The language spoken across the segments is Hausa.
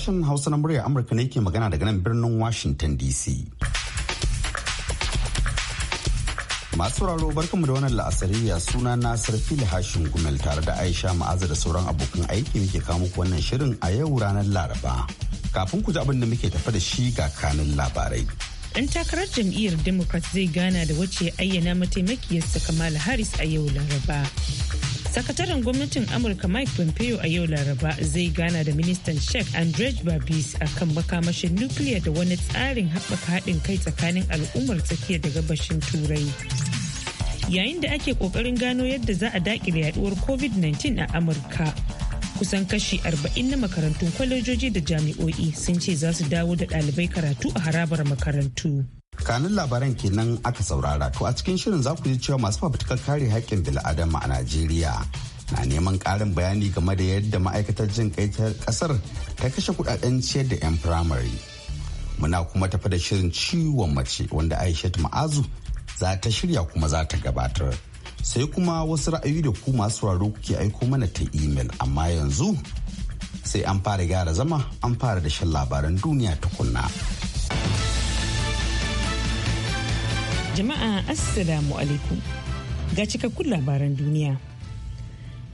Sashen Hausa na murya Amurka ne ke magana daga nan birnin Washington DC. Masu raro barkanmu da wannan la'asariya suna na Fili Hashin Gumel tare da Aisha Ma'aza da sauran abokan aiki muke kawo muku wannan shirin a yau ranar Laraba. Kafin ku ji abin da muke tafa da shi ga kanin labarai. Ɗan takarar jam'iyyar Democrat zai gana da wacce ayyana mataimakiyarsa Kamala Harris a yau Laraba. sakataren gwamnatin amurka mike pompeo a yau laraba zai gana da ministan sheikh andre babis a kan makamashin nukiliya da wani tsarin haɓaka haɗin kai tsakanin al'ummar tsakiyar da gabashin turai yayin da ake ƙoƙarin gano yadda za a daƙile yaduwar covid-19 a amurka kusan kashi 40 na makarantun kwalejoji da jami'o'i sun ce za su dawo da ɗalibai karatu a harabar makarantu. tsakanin labaran kenan aka saurara to a cikin shirin za ku ji cewa masu fafutukar kare haƙƙin bil'adama a najeriya na neman ƙarin bayani game da yadda ma'aikatar jin kai ta ƙasar ta kashe kudaden ciyar da 'yan firamare muna kuma tafi da shirin ciwon mace wanda aishat ma'azu za ta shirya kuma za ta gabatar sai kuma wasu ra'ayi da ku masu sauraro kuke aiko mana ta imel amma yanzu sai an fara gyara zama an fara da shan labaran duniya tukunna. Jama'a Assalamu alaikum. Ga cikakkun labaran duniya.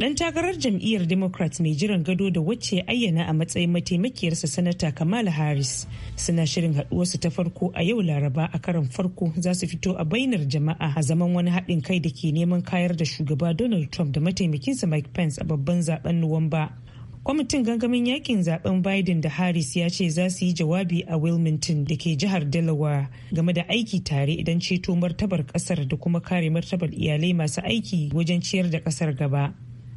Ɗan takarar jam'iyyar Democrat mai jiran gado da wacce ayyana a matsayin mataimakiyarsa sanata Kamala Harris suna shirin haɗuwarsu ta farko a yau Laraba a karan farko za su fito a bainar jama'a a zaman wani haɗin kai da ke neman kayar da shugaba Donald Trump da mataimakinsa Mike Pence a babban zaben Nuwamba. kwamitin gangamin yakin zaben biden da harris ya ce za su yi jawabi a wilmington da ke jihar delaware game da aiki tare idan ceto martabar kasar da kuma kare martabar iyalai masu aiki wajen ciyar da kasar gaba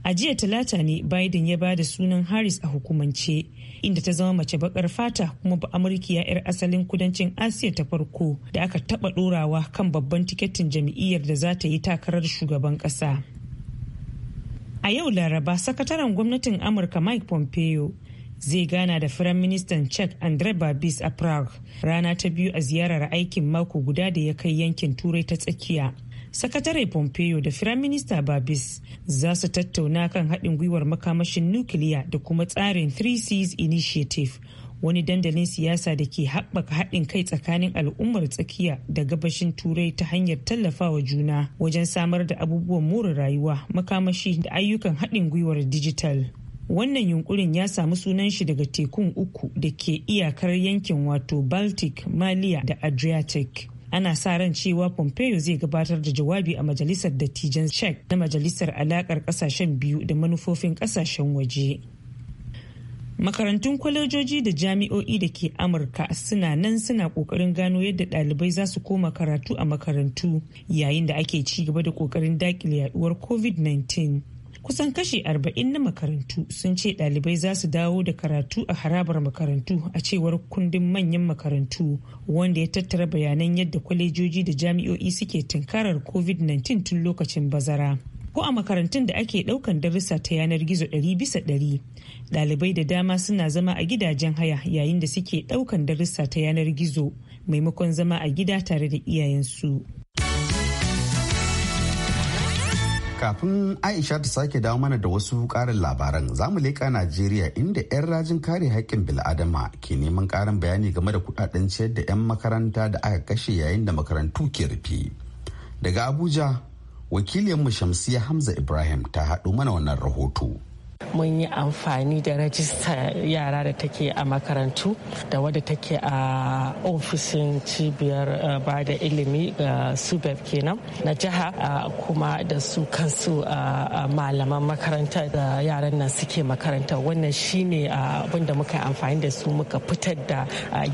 a jiya talata ne biden ya ba da sunan harris a hukumance inda ta zama mace bakar fata kuma ba ya 'yar asalin kudancin asiya ta farko da aka taba dorawa kan babban tiketin jam'iyyar da za ta yi takarar shugaban kasa A yau Laraba sakataren gwamnatin Amurka Mike Pompeo zai gana da firaministan Ministan Czech Andre Babis a Prague rana ta biyu a ziyarar aikin mako guda da ya kai yankin Turai ta tsakiya. Sakatare Pompeo da firaminista Babis za su tattauna kan haɗin gwiwar makamashin nukiliya da kuma tsarin three seas Initiative wani dandalin siyasa da ke haɓaka haɗin kai tsakanin al'ummar tsakiya da gabashin turai ta hanyar tallafawa juna wajen samar da abubuwan more rayuwa makamashi da ayyukan haɗin gwiwar dijital wannan yunkurin ya samu sunan shi daga tekun uku da ke iyakar yankin wato baltic Malia, da adriatic ana sa ran cewa pompeo zai gabatar da jawabi a majalisar dattijan czech na majalisar alakar kasashen biyu da manufofin kasashen waje makarantun kwalejoji da jami'o'i da ke amurka suna nan suna kokarin gano yadda ɗalibai za su koma karatu a makarantu yayin da ake ci gaba da kokarin dakile yaduwar covid-19 kusan kashi 40 na makarantu sun ce ɗalibai za su dawo da karatu a harabar makarantu a cewar kundin manyan makarantu wanda ya tattara bayanan yadda kwalejoji da jami'o'i suke tunkarar covid-19 tun lokacin bazara ko a makarantun da ake daukan darussa ta yanar gizo ɗari bisa ɗari ɗalibai da dama suna zama a gidajen haya yayin da suke daukan darussa ta yanar gizo maimakon zama a gida tare da iyayensu kafin aisha ta sake dawo mana da wasu karin labaran zamu leƙa najeriya inda 'yan rajin kare haƙƙin bil'adama ke neman karin bayani game da kudaden ciyar da 'yan makaranta da aka kashe yayin da makarantu ke rufe daga abuja wakiliyarmu shamsiya hamza ibrahim ta haɗo mana wannan rahoto mun yi amfani da rajista yara da take a makarantu da wadda take a ofishin cibiyar eh, ba da ilimi ga subeb kenan na jiha eh, kuma da su kansu eh, malaman makaranta da yaran nan suke makaranta wannan shine abin da muka amfani da su muka fitar da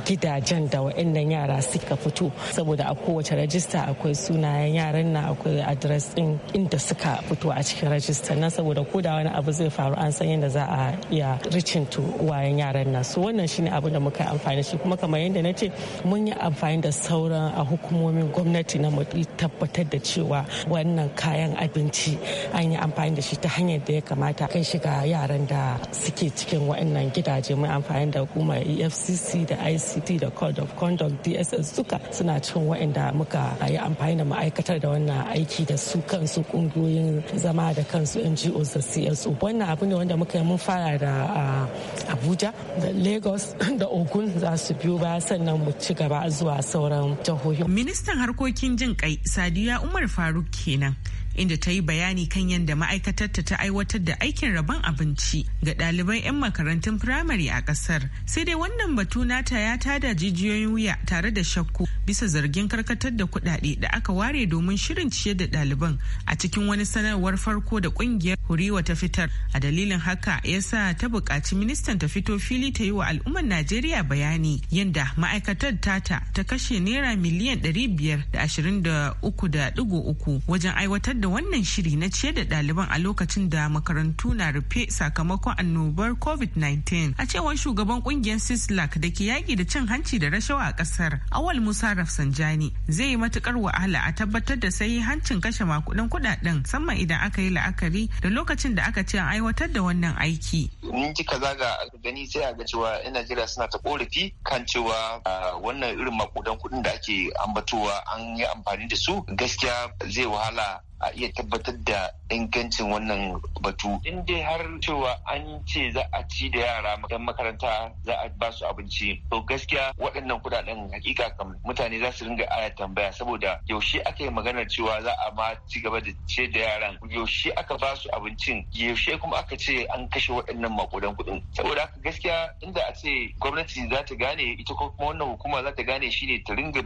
gidajen da wa'annan yara suka fito saboda a kowace rajista akwai sunayen yaran nan akwai adres din inda suka fito a cikin rajista nan saboda ko da wani abu zai faru an san yadda za a iya ricin wayan yaran nan su wannan shine abu da muka amfani shi kuma kamar yadda na ce mun yi amfani da sauran a hukumomin gwamnati na tabbatar da cewa wannan kayan abinci an yi amfani da shi ta hanyar da ya kamata kai shiga yaran da suke cikin wa'annan gidaje mun amfani da hukumar efcc da ict da code of conduct dss suka suna cikin wa'anda muka yi amfani da ma'aikatar da wannan aiki da su kansu kungiyoyin zama da kansu ngos da cso wannan abu ne wanda muka yi mun fara da abuja da lagos da ogun za su biyo baya sannan mu ci gaba zuwa sauran jihohi ministan harkokin jin kai sadiya umar faruk kenan inda ta yi bayani kan yadda ma'aikatarta ta aiwatar da aikin rabon abinci ga ɗaliban 'yan makarantun firamare a ƙasar. Sai dai wannan batu nata ya tada jijiyoyin wuya tare da shakku bisa zargin karkatar da kuɗaɗe da aka ware domin shirin ciyar da ɗaliban a cikin wani sanarwar farko da ƙungiyar Huriwa ta fitar. A dalilin haka ya sa ta buƙaci ministan ta fito fili ta yi wa al'ummar Najeriya bayani yadda ma'aikatar tata ta kashe naira miliyan ɗari biyar da da da ashirin uku uku wajen aiwatar da da wannan shiri na ciyar da ɗaliban a lokacin da makarantu na rufe sakamakon annobar covid-19 a cewar shugaban kungiyar sislak da ke yaƙi da cin hanci da rashawa a ƙasar awal musa rafsanjani zai yi matukar wahala a tabbatar da sai hancin kashe makudan kudaden saman idan aka yi la'akari da lokacin da aka ce an aiwatar da wannan aiki. Ni kika zaga gani sai a ga cewa 'yan Najeriya suna ta korafi kan cewa wannan irin makudan kuɗin da ake ambatowa an yi amfani da su gaskiya zai wahala a iya tabbatar da ingancin wannan batu in dai har cewa an ce za a ci da yara dan makaranta za a ba su abinci to gaskiya waɗannan kuɗaɗen hakika kam mutane za su ringa aya tambaya saboda yaushe aka yi maganar cewa za a ma ci gaba da ce da yaran yaushe aka ba su abincin yaushe kuma aka ce an kashe waɗannan makudan kuɗin saboda haka gaskiya inda a ce gwamnati za ta gane ita kuma wannan hukuma za ta gane shine ta ringa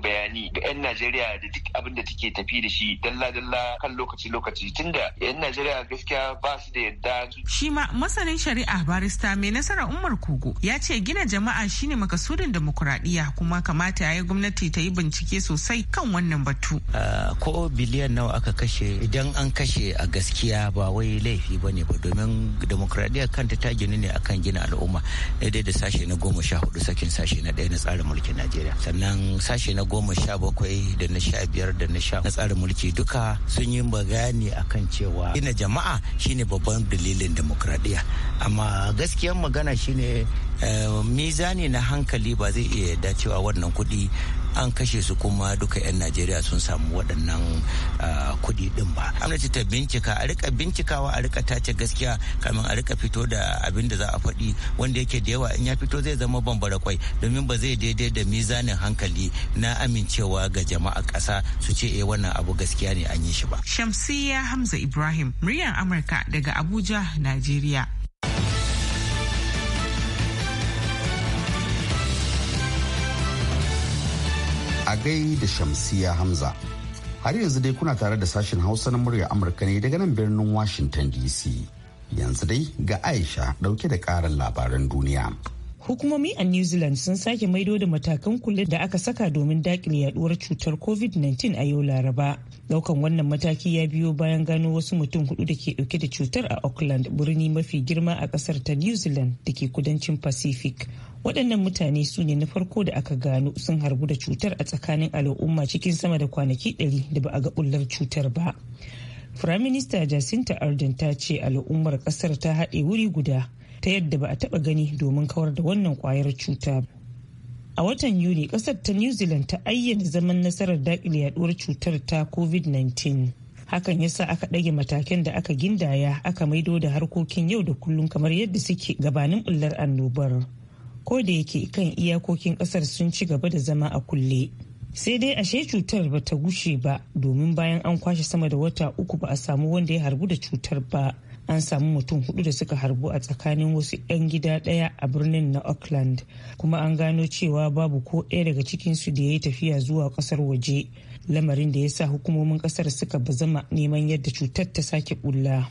bayani ga 'yan Najeriya da duk abin da take tafi da shi dalla-dalla kan lokaci-lokaci tunda yan Najeriya gaskiya ba su da yadda. Shi ma masanin shari'a barista mai nasara Umar Kogo ya ce gina jama'a shine makasudin demokuraɗiyya kuma kamata ya yi gwamnati ta yi bincike sosai kan wannan batu. Ko biliyan nawa aka kashe idan an kashe a gaskiya ba wai laifi ba ne ba domin demokuraɗiyya kanta ta gini ne akan gina al'umma daidai da sashe na goma sha hudu sakin sashe na ɗaya na tsarin mulkin Najeriya sannan sashe na goma sha bakwai da na sha biyar da na sha na tsarin mulki duka sun yi magani a kan cewa gina jama'a shine babban dalilin demokradiyya amma gaskiyar magana shine eh, mizani na hankali ba zai iya dacewa wannan kuɗi an kashe su kuma duka 'yan najeriya sun samu waɗannan ah, kuɗi ɗin ba ce ta bincika a rika bincikawa a rika tace gaskiya kamin a rika fito da abin da za a faɗi wanda yake da yawa in ya fito zai zama bambara kwai domin ba zai daidai da mizanin hankali na amincewa ga jama'a ƙasa su ce eh wannan abu gaskiya ne an yi shi ba Shamsiyya hamza ibrahim muryar amurka daga abuja najeriya a da Shamsiya Hamza. Har yanzu dai kuna tare da sashen Hausa na murya Amurka ne daga nan birnin Washington DC. Yanzu dai ga Aisha dauke da karin labaran duniya. Hukumomi a New Zealand sun sake maido da matakan kula da aka saka domin dakile yaduwar cutar COVID-19 a yau Laraba. Daukan wannan mataki ya biyo bayan gano wasu mutum hudu da ke dauke da cutar a Auckland birni mafi girma a kasar ta New Zealand da ke kudancin Pacific. waɗannan mutane su ne na farko da aka gano sun harbu da cutar a tsakanin al'umma cikin sama da kwanaki 100 da ba a ga bullar cutar ba firaminista jacinta ardern ta ce al'ummar ƙasar ta haɗe wuri guda ta yadda ba a taɓa gani domin kawar da wannan ƙwayar cuta a watan yuni ƙasar ta new zealand ta ayyana zaman nasarar daƙile yaɗuwar cutar ta covid-19 hakan ya sa aka ɗage matakan da aka gindaya aka maido da harkokin yau da kullum kamar yadda suke gabanin ɓullar annobar. ko da yake kan iyakokin kasar sun ci gaba da zama a kulle sai dai ashe cutar ba ta gushe ba domin bayan an kwashe sama da wata uku ba a samu wanda ya harbu da cutar ba an samu mutum hudu da suka harbu a tsakanin wasu 'yan gida daya a birnin na auckland kuma an gano cewa babu ko ɗaya daga cikinsu da ya yi tafiya zuwa kasar waje lamarin da ya sa hukumomin kasar suka bazama neman yadda cutar ta sake bulla.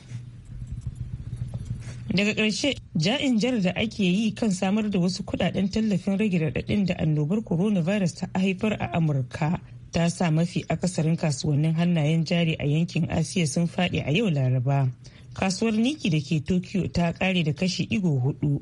daga ƙarshe ja'in jar da ake yi kan samar da wasu kudaden tallafin rage raɗaɗin da annobar coronavirus ta haifar a amurka ta sa mafi akasarin kasuwannin hannayen jari a yankin asiya sun faɗi a yau laraba kasuwar niki da ke tokyo ta ƙare da kashi igo hudu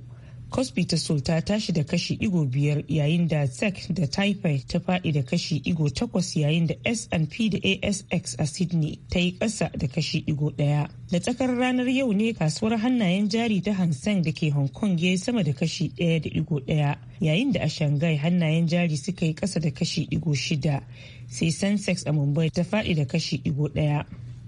cosby ta sulta ta shi da kashi igo biyar yayin da tech da taipei ta faɗi da kashi igo takwas yayin da S&P da ASX a Sydney ta yi ƙasa da kashi igo ɗaya. Da tsakar ranar yau ne kasuwar hannayen jari ta Hang Seng da ke Hong Kong ya yi sama da kashi ɗaya da igo ɗaya, yayin da a Shanghai hannayen jari suka yi ƙasa da kashi igo shida, sai Sensex a Mumbai ta faɗi da kashi igo ɗaya.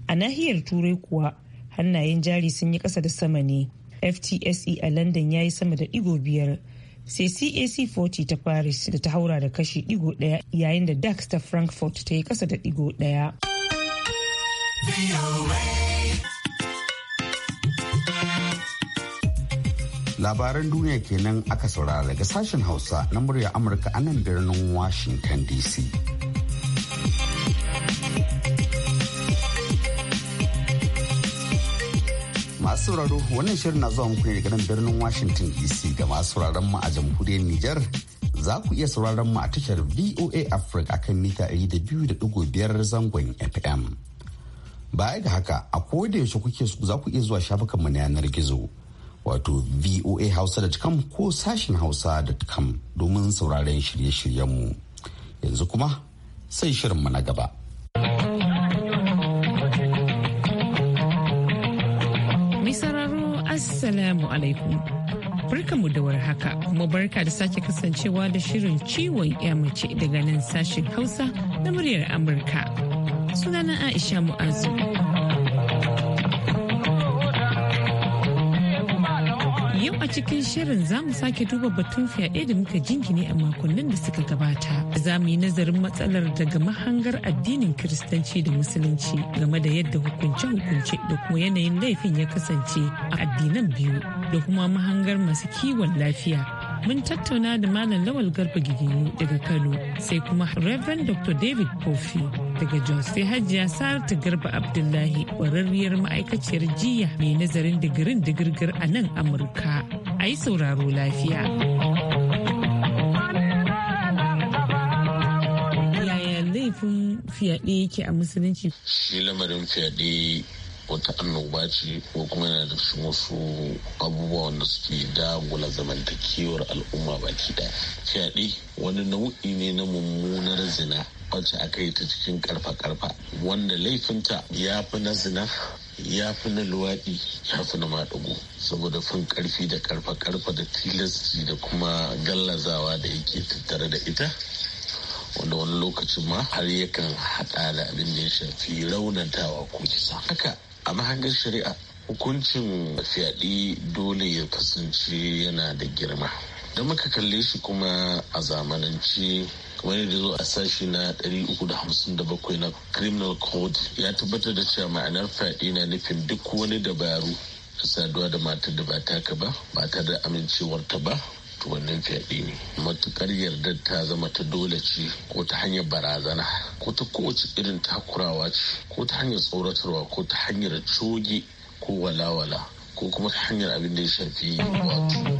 A nahiyar Turai kuwa hannayen jari sun yi ƙasa da sama ne. ftse a london ya yi sama da digo biyar sai cac 40 ta paris da ta haura da kashi digo ɗaya yayin da dax ta frankfurt ta yi kasa da digo ɗaya labaran duniya kenan aka saurara daga sashen hausa na murya amurka a nan birnin washington dc masu sauraro wannan shirin na zuwa muku ne daga nan birnin Washington DC ga masu sauraron mu a jamhuriyar Nijar. Za ku iya sauraron mu a tashar VOA Africa akan mita 200.5 zangon FM. Baya ga haka a koda yaushe kuke za ku iya zuwa shafukanmu na yanar gizo wato voa hausa.com ko sashin hausa.com domin sauraron shirye-shiryenmu. Yanzu kuma sai mu na gaba. Assalamu alaikum. Barkanmu da warhaka kuma barka da sake kasancewa da shirin ciwon mace daga nan sashen Hausa na muryar Amurka. Sunana Aisha Mu'azu. Yau a cikin shirin za mu sake duba batun fyaɗe da muka jingine a makonnin da suka gabata. Za mu yi nazarin matsalar daga mahangar addinin Kiristanci da Musulunci game da yadda hukunce-hukunce da kuma yanayin laifin ya kasance a addinan biyu da kuma mahangar masu kiwon lafiya. Mun tattauna da Malam Lawal Garba Giginyu daga Kano sai kuma Reverend Dr. David Kofi daga Jos sai Hajiya Saratu Garba Abdullahi ƙwararriyar ma'aikaciyar jiya mai nazarin digirin digirgir a nan Amurka. A yi sauraro lafiya. Yaya laifin fyaɗe yake a musulunci? Shi lamarin fyaɗe wata annoba ce ko kuma yana da cikin wasu abubuwa wanda suke dagula zamantakewar al'umma baki daya fyaɗe wani nau'i ne na mummunar zina wacce aka yi ta cikin karfa-karfa wanda laifinta ya fi na zina ya fi na luwaɗi ya fi na maɗugu saboda fin karfi da karfa-karfa da tilasti da kuma gallazawa da yake tattare da ita wanda wani lokacin ma har yakan haɗa da abin da ya shafi raunatawa ko kisa haka a mahangar shari'a hukuncin fyaɗe dole ya kasance yana da girma don muka kalle shi kuma a zamanance kamar yadda zo a sashi na 357 na criminal code ya tabbatar da cewa ma'anar fyaɗe na nufin duk wani dabaru saduwa da matar da ba ka ba ba ta da amincewarta ba to wannan fyaɗe ne matukar yarda ta zama ta dole ce ko ta hanyar barazana ko ta kowace irin takurawa ce ko ta hanyar tsoratarwa ko ta hanyar coge ko walawala ko kuma ta hanyar abin da ya shafi wato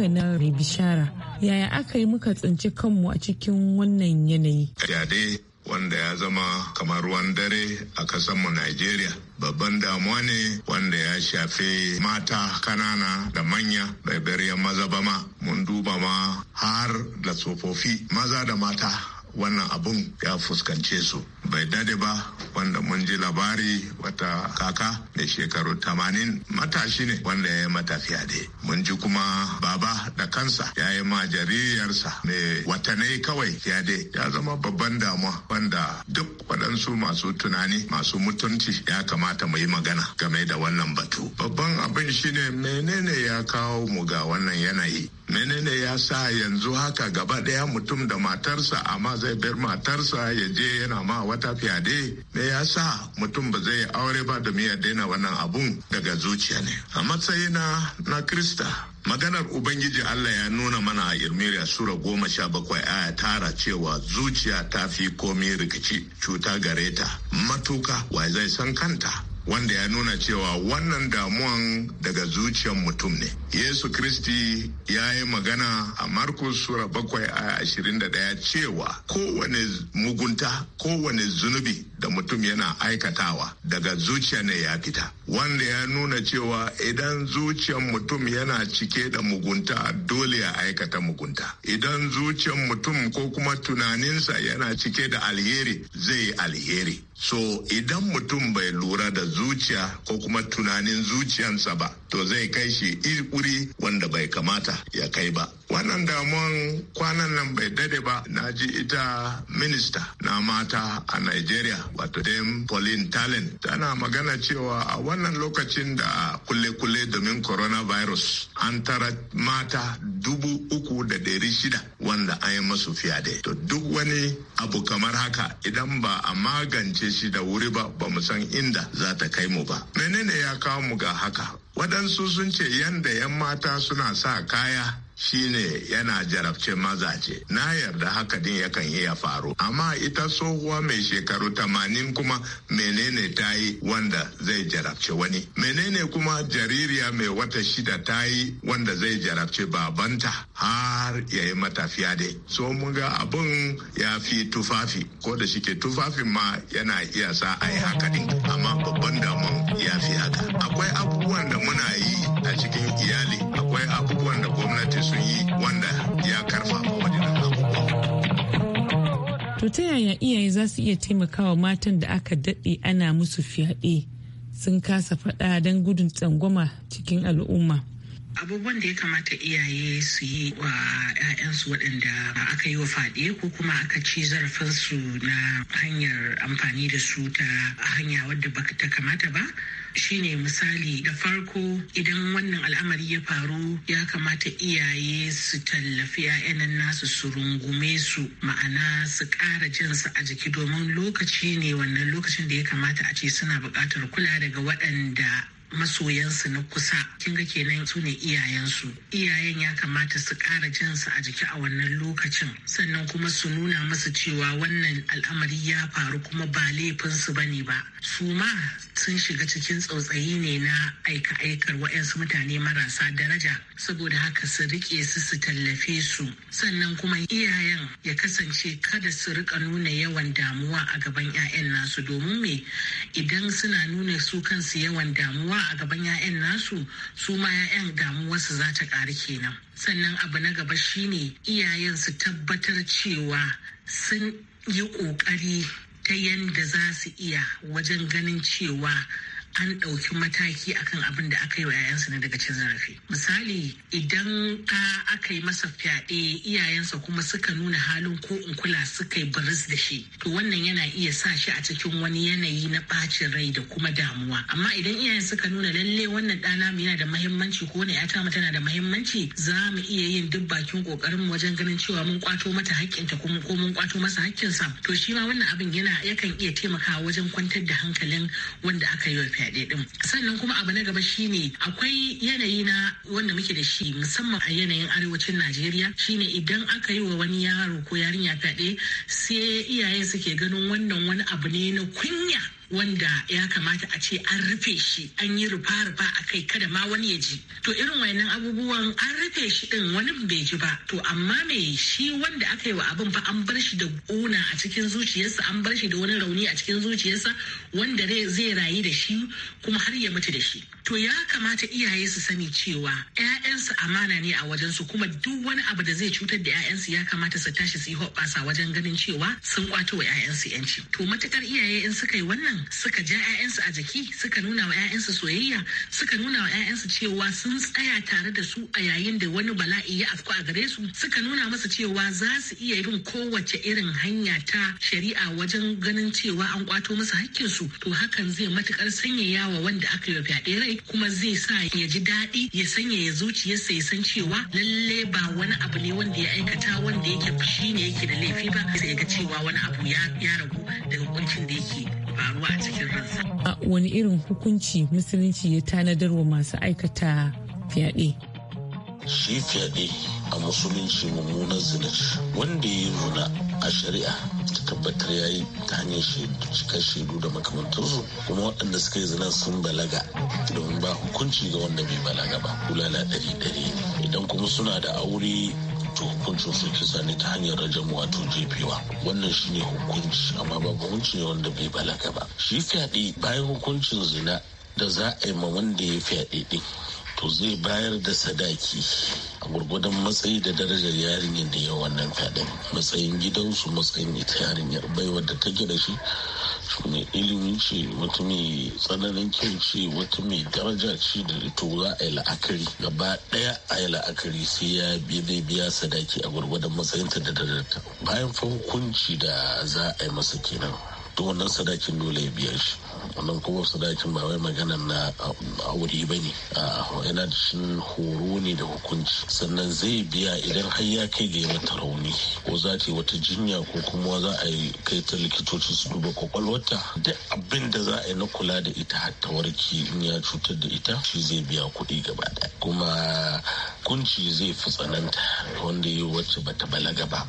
ka na bishara yaya aka yi muka tsinci kanmu a cikin wannan yanayi yade wanda ya zama kamar ruwan dare a kasanmu Najeriya. Babban damuwa ne wanda ya shafe mata kanana da manya bai maza ba ma mun duba ma har da tsofaffi maza da mata wannan abun ya fuskance su bai dade ba wanda mun ji labari wata kaka mai shekaru 80 matashi ne wanda ya yi matafiya dai mun ji kuma baba da kansa ya yi ma jaririyarsa mai watanai kawai ya dai ya zama babban damuwa wanda duk waɗansu masu tunani masu mutunci ya kamata mu yi magana game da wannan batu babban abin shine menene ya kawo mu ga wannan yanayi menene ya sa yanzu haka gaba ɗaya mutum da matarsa amma zai bar matarsa ya je yana ma wata fyade me ya sa mutum ba zai aure ba da ya daina wannan abun daga zuciya ne a matsayina na krista maganar ubangiji allah ya nuna mana a irmiriya sura goma sha bakwai aya tara cewa zuciya ta fi komi rikici cuta gareta matuka wai zai san kanta wanda ya nuna cewa wannan damuwan daga zuciyar mutum ne. Yesu Kristi ya yi magana a Markus Sura bakwai a ashirin da cewa kowane mugunta kowane zunubi da mutum yana aikatawa daga zuciya ne ya fita. Wanda ya nuna cewa idan zuciyar mutum yana cike da mugunta dole ya aikata mugunta. Idan zuciyar mutum ko kuma tunaninsa yana cike da alheri zai yi alheri. So idan mutum bai lura da zuciya ko kuma tunanin zuciyansa ba, to zai kai shi ikuri wanda bai kamata ya kai ba wannan damuwan kwanan nan bai dade ba na ji ita minista na mata a nigeria wato dem pauline talen tana magana cewa a wannan lokacin da kule-kule domin coronavirus an tara mata dubu uku da dari shida wanda an yi masu fiyade to duk wani abu kamar haka idan ba a magance shi da wuri ba ba san inda za ta kai mu ba menene ya kawo mu ga haka waɗansu sun ce yadda 'yan mata suna sa kaya shine yana jarabce mazaje na yarda haka din yakan ya faru amma ita tsohuwa mai shekaru tamanin kuma menene ta yi wanda zai jarabce wani menene kuma jaririya mai wata shida ta yi wanda zai jarabce babanta har ya yi matafiya dai so muga ga abun ya fi tufafi ko da shike tufafin ma yana iya sa a yi haka din amma babban damar. ya akwai abubuwan da muna yi a cikin iyali akwai abubuwan da gwamnati sun yi wanda ya karfafa wajen abubuwan to ta yaya iyaye za su iya taimakawa matan da aka daɗe ana musu fyaɗe sun kasa faɗa don gudun tsangwama cikin al'umma abubuwan da ya kamata iyaye su yi wa 'ya'yansu waɗanda aka yi wa faɗe ko kuma aka ci zarafinsu na hanyar amfani da su ta hanya wadda ba ta kamata ba Shi ne misali da farko idan wannan al'amari ya faru ya kamata iyaye su tallafi 'ya'yan nasu su rungume su ma'ana su ƙara jinsu a jiki domin lokaci ne wannan lokacin da ya kamata a ce suna buƙatar kula daga waɗanda masoyansu na kusa kin ga kenan su ne iyayensu iyayen ya kamata su ƙara jinsu a jiki a wannan lokacin sannan kuma su nuna masu cewa wannan al'amari ya faru kuma ba laifinsu ba ne ba su ma sun shiga cikin tsautsayi ne na aika-aikar wa'yansu mutane marasa daraja saboda haka su rike su su tallafe su sannan kuma iyayen ya kasance kada su rika nuna yawan damuwa a gaban 'ya'yan nasu domin me idan suna nuna su kansu yawan damuwa a gaban 'ya'yan nasu su ma 'ya'yan damuwarsu za ta ƙari kenan sannan abu na gaba shine iyayen su tabbatar cewa sun yi ƙoƙari ta yanda za su iya wajen ganin cewa an ɗauki mataki akan abin da aka yi wa 'ya'yansa na daga cin zarafi misali idan ka aka yi masa fyaɗe iyayensa kuma suka nuna halin ko in kula suka yi baris da shi to wannan yana iya sa shi a cikin wani yanayi na ɓacin rai da kuma damuwa amma idan iyayen suka nuna lalle wannan ɗana mu yana da mahimmanci ko wani 'yata mu tana da mahimmanci za mu iya yin duk bakin ƙoƙarin mu wajen ganin cewa mun kwato mata haƙƙinta kuma ko mun kwato masa haƙƙinsa to shi ma wannan abin yana yakan iya taimakawa wajen kwantar da hankalin wanda aka yi wa fyaɗe ɗin sannan kuma abu na gaba shine akwai yanayi na wanda muke da shi musamman a yanayin arewacin najeriya shine idan aka yi wa wani yaro ko yarinya fyaɗe sai iyaye suke ganin wannan wani abu ne na kunya wanda ya kamata a ce an rufe shi an yi rufa-rufa a kai kada ma wani ya ji to irin wayannan abubuwan an rufe shi din wani bai ji ba to amma me shi wanda aka yi wa abin fa an bar shi da ƙuna a cikin zuciyarsa an bar shi da wani rauni a cikin zuciyarsa wanda zai rayu da shi kuma har ya mutu da shi to ya kamata iyaye su sani cewa ƴaƴansu amana ne a wajensu kuma duk wani abu da zai cutar da ƴaƴansu ya kamata su tashi su yi hoɓɓasa wajen ganin cewa sun kwato wa ƴaƴansu 'yanci to matukar iyaye in suka yi wannan suka ja 'ya'yansu a jiki suka nuna wa 'ya'yansu soyayya suka nuna wa 'ya'yansu cewa sun tsaya tare da su a yayin da wani bala'i ya afku a gare su suka nuna masa cewa za su iya bin kowace irin hanya ta shari'a wajen ganin cewa an kwato masa hakkinsu to hakan zai matukar sanyaya wa wanda aka yi fyaɗe rai kuma zai sa ya ji daɗi ya sanyaya zuciyarsa ya san cewa lalle ba wani abu ne wanda ya aikata wanda yake fushi ne yake da laifi ba sai ya ga cewa wani abu ya ragu daga kuncin da yake faruwa a cikin ransa. A wani irin hukunci musulunci ya tanadar wa masu aikata fyaɗe? Shi fyaɗe a musulunci mummunan zina wanda ya yi a shari'a ta tabbatar ya yi ta hanyar cikar shaidu da makamantarsu kuma waɗanda suka yi zina sun balaga domin ba hukunci ga wanda bai balaga ba kulala ɗari ɗari idan kuma suna da aure to hukuncin sai kisa ne ta hanyar rajam wato jefewa wannan shine hukunci amma ba hukunci ne wanda bai balaga ba shi fyaɗe bayan hukuncin zina da za a yi ma wanda ya fyaɗe ɗin to zai bayar da sadaki a gurgudan matsayi da darajar yarinyar da ya wannan fyaɗe matsayin gidansu matsayin ita yarinyar baiwar da take da shi mai ilimi ce wata mai tsananin kyau ce wata mai daraja ce da to za a yi la'akari gaba ɗaya a yi la'akari sai ya biya biya sadaki a gwargwadon matsayinta da dadarta bayan fa hukunci da za a yi masa kenan to wannan sadakin dole ya biya shi wannan kuma sadakin ba wai magana na aure ba ne yana da shin horo ne da hukunci sannan zai biya idan har ya kai ga mata rauni ko za ta yi wata jinya ko kuma za a yi kai ta likitoci su duba kwakwalwata da abin da za a yi na kula da ita har ta warke in ya cutar da ita shi zai biya kuɗi gaba kuma kunci zai fi tsananta wanda ya wacce bata balaga ba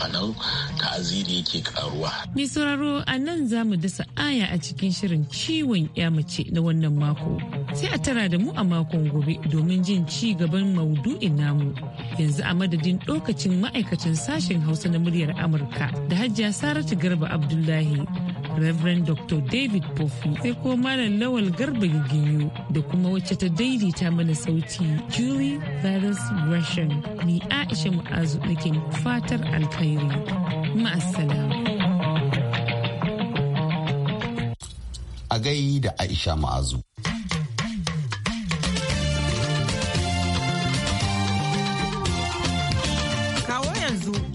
a nan ta'aziri yake karuwa. Mai sauraro a nan za mu dasa aya a cikin shirin ciwon ya mace na wannan mako. Sai a tara da mu a makon gobe domin jin ci gaban maudu'in namu. Yanzu a madadin ɗokacin ma'aikacin sashen Hausa na muryar Amurka da Hajiya Saratu Garba Abdullahi. Reverend Dr. David Pofu sai ko Malam Lawal Garba Giyu da kuma wacce ta daidaita mana sauti Julie Virus Gresham. Ni Aisha Mu'azu nake fatar alkhairi. Ma'asalam. A gai da Aisha Ma'azu.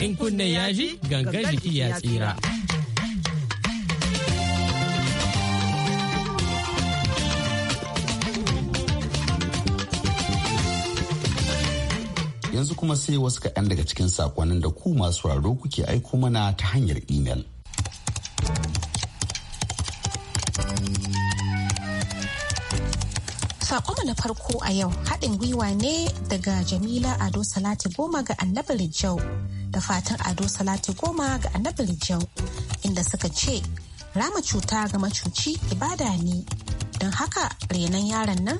in kunne ya ji gangar jiki ya tsira. Yanzu kuma sai wasu kaɗan daga cikin saƙonin da ku masu raro kuke aiko mana ta hanyar imel. Sakonmu na farko a yau haɗin gwiwa ne daga Jamila Ado Salati Goma ga Annabi Rijau da fatan Ado Salati Goma ga Annabi Rijau inda suka ce rama cuta ga macuci ibada ne don haka renon yaron nan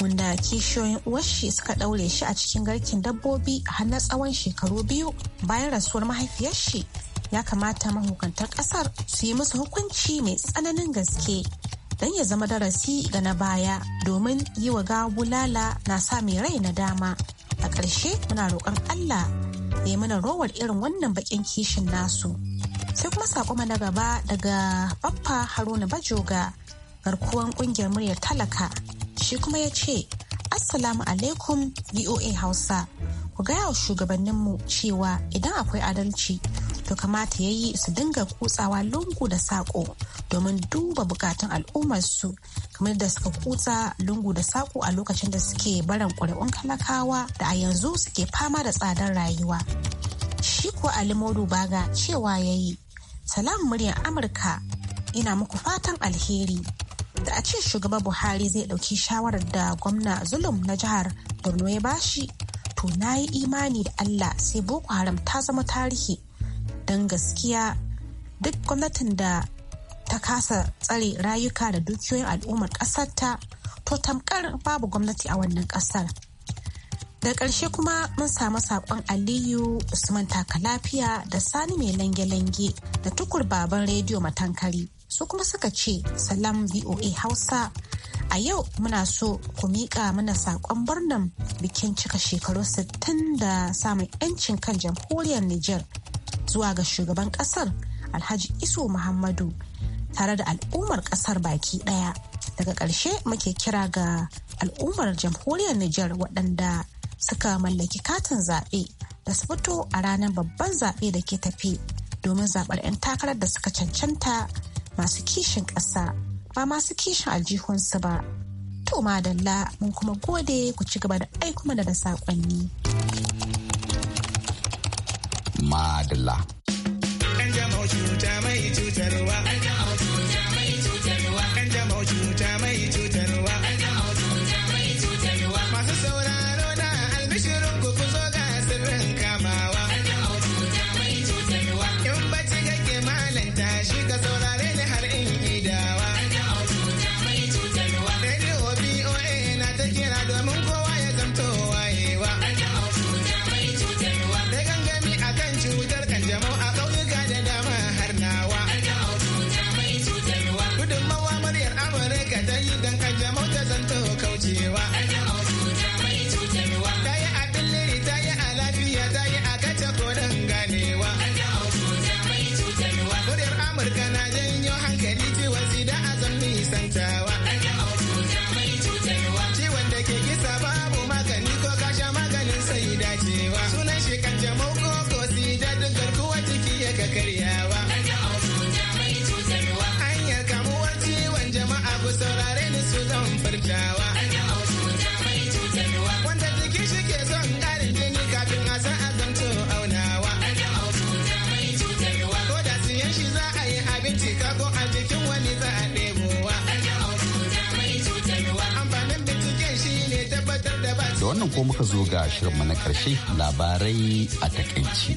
wanda kishiyoyin uwarshi suka ɗaure shi a cikin garkin dabbobi har na tsawon shekaru biyu bayan rasuwar mahaifiyar shi ya kamata mahukantar ƙasar su yi musu hukunci mai tsananin gaske don ya zama darasi ga na baya domin yi wa gawa bulala na sa mai rai na dama a ƙarshe muna roƙon allah ya yi mana rowar irin wannan baƙin kishin nasu sai kuma saƙo na gaba daga baffa haruna bajoga garkuwan ƙungiyar muryar talaka shi kuma ya ce assalamu alaikum voa hausa ku gaya wa shugabanninmu cewa idan akwai adalci to kamata ya yi su dinga kutsawa lungu da sako domin duba bukatun al'ummarsu kamar da suka kutsa lungu da sako a lokacin da suke barin ƙuri'un kalakawa da a yanzu suke fama da tsadar rayuwa shi kuwa Ali alimodu baga cewa ya yi salam muryar amurka ina muku fatan alheri da a ce shugaba buhari zai ɗauki shawarar da gwamna zulum na jihar borno ya bashi to na yi imani da allah sai boko haram ta zama tarihi don gaskiya duk gwamnatin da ta kasa tsare rayuka da dukiyoyin al'ummar ƙasarta to tamkar babu gwamnati a wannan ƙasar da ƙarshe kuma mun samu saƙon aliyu usman takalafiya da sani mai lange-lange da tukur baban rediyo matankari su kuma suka ce salam voa hausa a yau muna so ku miƙa mana saƙon birnin bikin cika shekaru 60 da samun 'yancin kan jamhuriyar niger zuwa ga shugaban kasar alhaji iso muhammadu tare da al'ummar kasar baki daya daga ƙarshe muke kira ga al'ummar jamhuriyar Nijar waɗanda suka mallaki katin zaɓe da su fito a ranar babban zaɓe da ke tafe domin zaɓar 'yan takarar da suka cancanta masu kishin ƙasa ba masu kishin aljihunsu ba to madalla mun kuma gode ku ci gaba da aikuma da saƙonni. madalla. shirinmu na karshe labarai a takaici.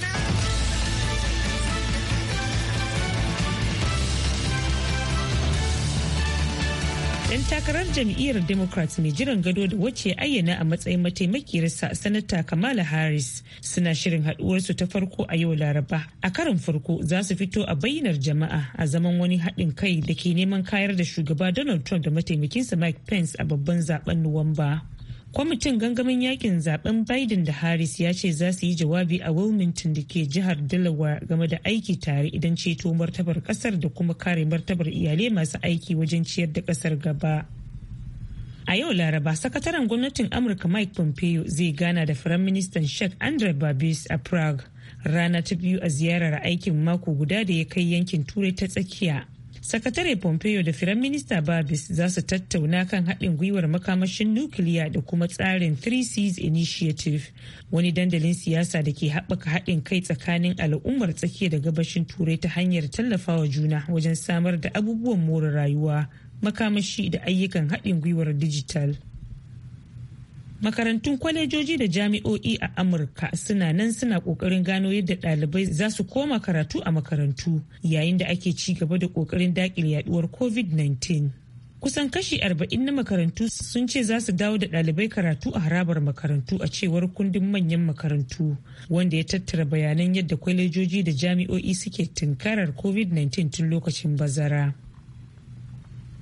Dan takarar jam'iyyar Democrat mai jiran gado da wacce ayyana a matsayin mataimakiyarsa sanata Kamala Harris suna shirin su ta farko a yau Laraba. A karin farko za su fito a bayyanar jama'a a zaman wani haɗin kai da ke neman kayar da shugaba Donald Trump da mataimakinsa Mike Pence a babban zaben Nuwamba. kwamitin gangamin yakin zaben biden da harris ya ce za su yi jawabi a wilmington da ke jihar delaware game da aiki tare idan ceto martabar kasar da kuma kare martabar iyalai masu aiki wajen ciyar da kasar gaba a yau laraba sakataren gwamnatin amurka mike pompeo zai gana da firaministan sheikh andre babis a prague rana ta biyu a ziyarar aikin mako guda da ya kai yankin turai ta tsakiya sakatare pompeo da firan minista babis za su tattauna kan haɗin gwiwar makamashin nukiliya da kuma tsarin 3 Seas initiative wani dandalin siyasa da ke haɓaka haɗin kai tsakanin al'ummar tsakiya da gabashin turai ta hanyar tallafawa juna wajen samar da abubuwan more rayuwa makamashi da ayyukan haɗin gwiwar dijital. makarantun kwalejoji da jami'o'i a amurka suna nan suna kokarin gano yadda ɗalibai za su koma karatu a makarantu yayin da ake ci gaba da kokarin daƙile yaduwar covid-19 kusan kashi 40 na makarantu sun ce za su dawo da ɗalibai karatu a harabar makarantu a cewar kundin manyan makarantu wanda ya tattara bayanan yadda kwalejoji da jami'o'i suke tunkarar covid-19 tun lokacin bazara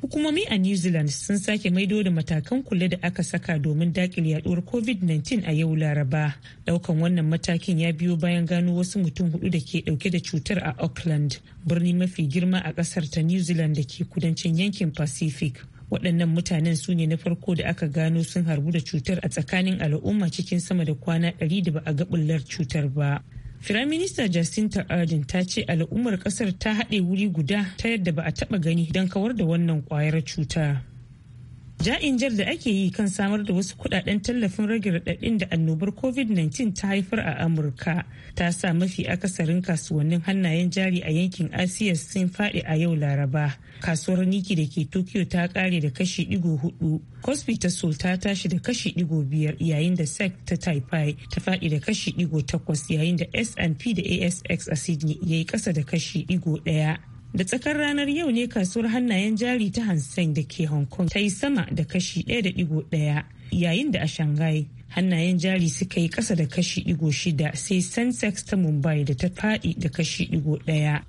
hukumomi a new zealand sun sake maido da matakan kula da aka saka domin dakile yaduwar covid-19 a yau laraba daukan wannan matakin ya biyo bayan gano wasu mutum hudu da ke dauke da cutar a auckland birni mafi girma a kasar ta new zealand da ke kudancin yankin pacific waɗannan mutanen su ne na farko da aka gano sun harbu da cutar a tsakanin al'umma cikin sama da kwana 100 da ba a ga bullar cutar ba Firaminista Jacinta Ardern ta ce al'ummar kasar ta haɗe wuri guda ta yadda ba a taɓa gani don kawar da wannan kwayar cuta. Ja'in jar da ake yi kan samar da wasu kudaden tallafin rage raɗaɗin da annobar COVID-19 ta haifar a Amurka ta sa mafi akasarin kasuwannin hannayen jari a yankin Asiya sun faɗi a yau Laraba. Kasuwar Niki da ke Tokyo ta ƙare da kashi ɗigo hudu. Cosby ta Sol ta tashi da kashi ɗigo biyar yayin da SEC ta Taipei ta faɗi da kashi ɗigo takwas yayin da S&P da ASX a Sydney ya yi ƙasa da kashi ɗigo ɗaya. da tsakar ranar yau ne kasuwar hannayen jari ta hansen da ke hong kong ta yi sama da kashi 1.1 yayin da a shanghai hannayen jari suka yi kasa da kashi digo shida sai sensex ta mumbai da ta faɗi da kashi digo ɗaya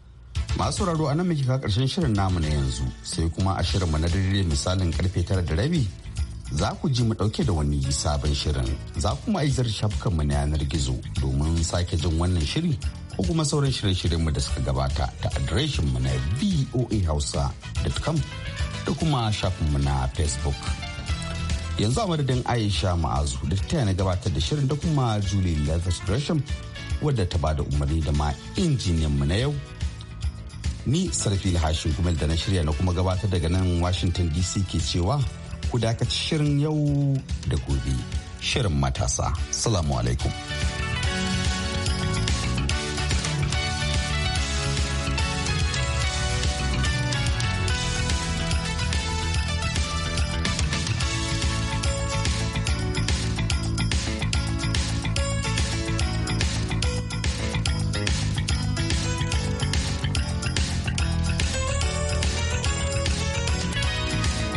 masu raro a nan muke ka karshen shirin namu na yanzu sai kuma a shirin na dare misalin karfe tara da rabi za ku ji mu ɗauke da wani sabon shirin za ku kuma shafukan mu na yanar gizo domin sake jin wannan shiri ko kuma sauran shirye-shiryenmu da suka gabata ta adireshinmu na voahausa.com da kuma shafin mu na facebook yanzu a madadin aisha ma'azu da ta na gabatar da shirin da kuma julie lathis gresham wadda ta ba da umarni da ma mu na yau ni sarfi hashin kuma da na shirya na kuma gabatar daga nan washington dc ke cewa ku dakaci shirin yau da gobe shirin matasa salamu alaikum